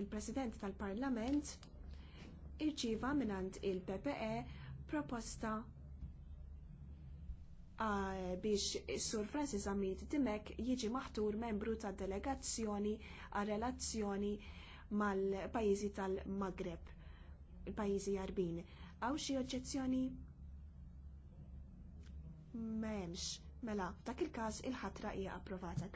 il-President tal-Parlament irċieva mingħand il-PPE proposta biex Sur Francis Amid Dimek jiġi maħtur membru tad delegazzjoni għar relazzjoni mal-pajjiżi tal-Maghreb, il-pajjiżi jarbin. Għaw xi oġġezzjoni? M'hemmx. Mela, f'dak il-każ il-ħatra hija approvata.